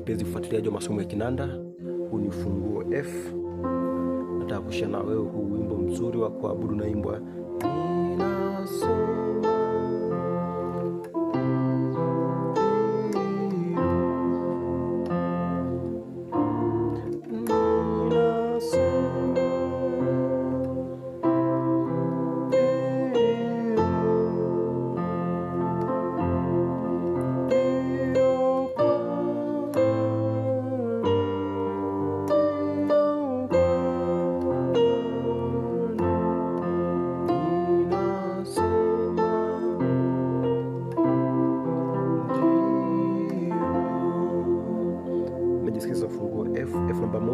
mpenzi mfuatiliaji wa masomo ya kinanda, huu ni funguo F. Nataka kushia na wewe huu wimbo mzuri wa kuabudu naimbwa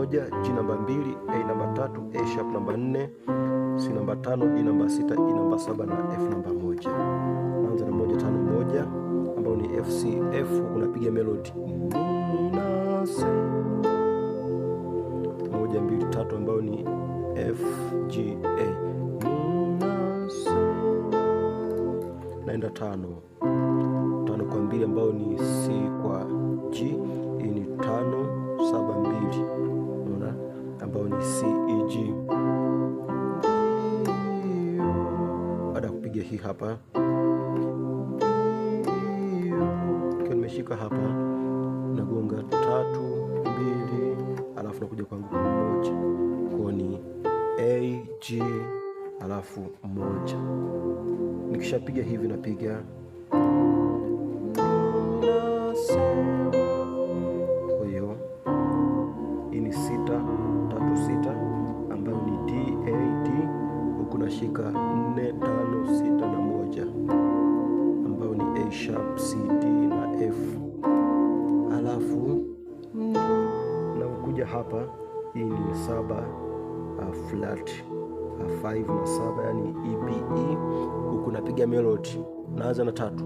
moja, G namba mbili, A namba tatu, A sharp namba nne, C namba tano, E namba sita, E namba saba na F namba moja. Anza na moja tano moja ambayo ni F C F, unapiga melodi moja mbili tatu ambayo ni F G A, naenda tano tano kwa mbili ambayo ni C kwa G ambayo ni C E G. Baada ya kupiga hii hapa, kiwa nimeshika hapa, nagonga tatu mbili, alafu nakuja kwangu kwa moja, kwa ni A G alafu moja. Nikishapiga hivi napiga F, alafu na ukuja hapa, hii ni saba a flat a 5 na saba, yani EPE e. huku napiga melodi, naanza na tatu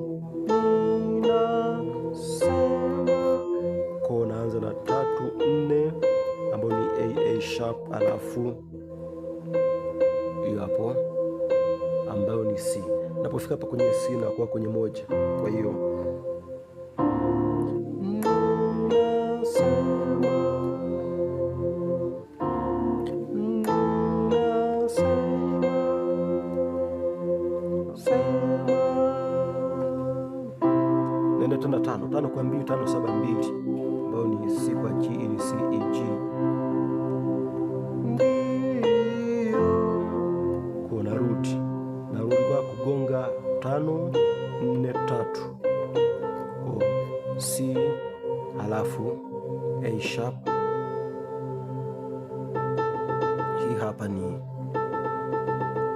ko, naanza na tatu nne, ambayo ni A sharp, alafu hiyo hapo ambayo ni C. Napofika hapa kwenye C na kuwa kwenye moja, kwa hiyo tena tano tano kwa mbili tano saba mbili ambayo ni C kwa G ili C E G. kuna Kwa na narudi kwa kugonga tano nne tatu kwa C halafu A sharp. Hii hapa ni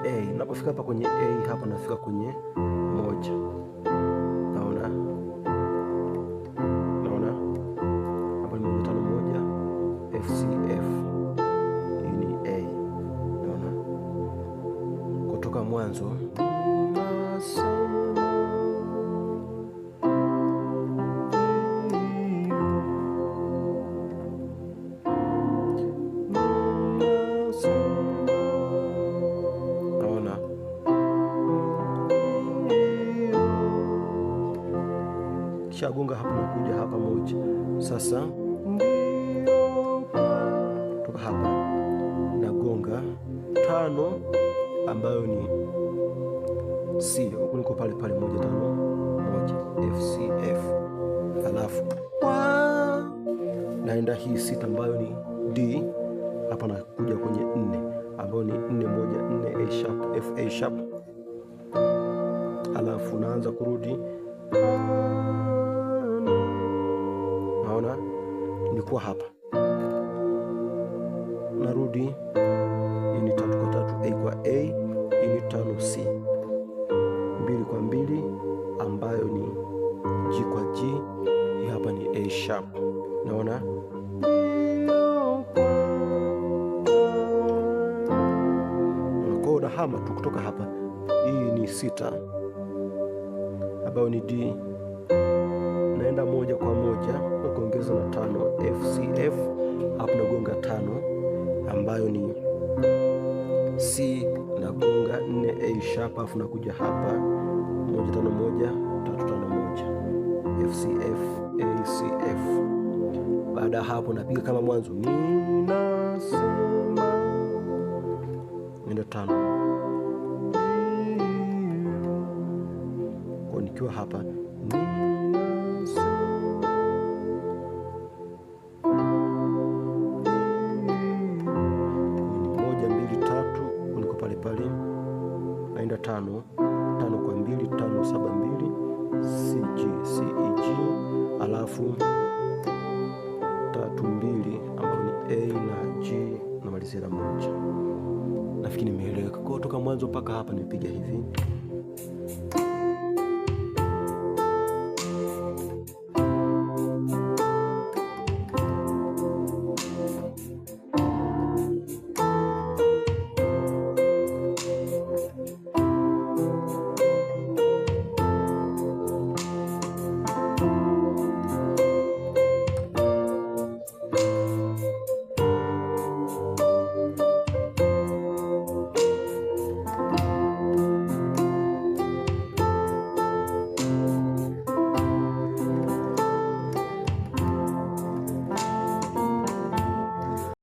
A. Napofika hapa kwenye A hapa nafika kwenye moja mwanzo Agonga hapa nakuja hapa moja. Sasa toka hapa nagonga tano ambayo ni sio kuliko pale pale moja tano moja FCF, alafu naenda hii sita ambayo ni D hapa, nakuja kwenye nne ambayo ni nne moja nne A sharp F A sharp, naanza kurudi. Naona nikuwa hapa narudi ini tatu kwa tatu hama tu kutoka hapa. Hii ni sita ambayo ni D, naenda moja kwa moja nakuongeza na tano FCF, hapo nagonga tano ambayo ni C, nagonga nne A sharp, afu nakuja hapa moja tano moja tatu tano moja FCF ACF. Baada ya hapo napiga kama mwanzo nina 45 kwa nikiwa hapa naenda tano tano kwa mbili tano saba mbili CG CEG, alafu tatu mbili ambayo ni A na G, namalizia na moja nafikiri nimeeleweka. Kwa hiyo toka mwanzo mpaka hapa nimepiga hivi.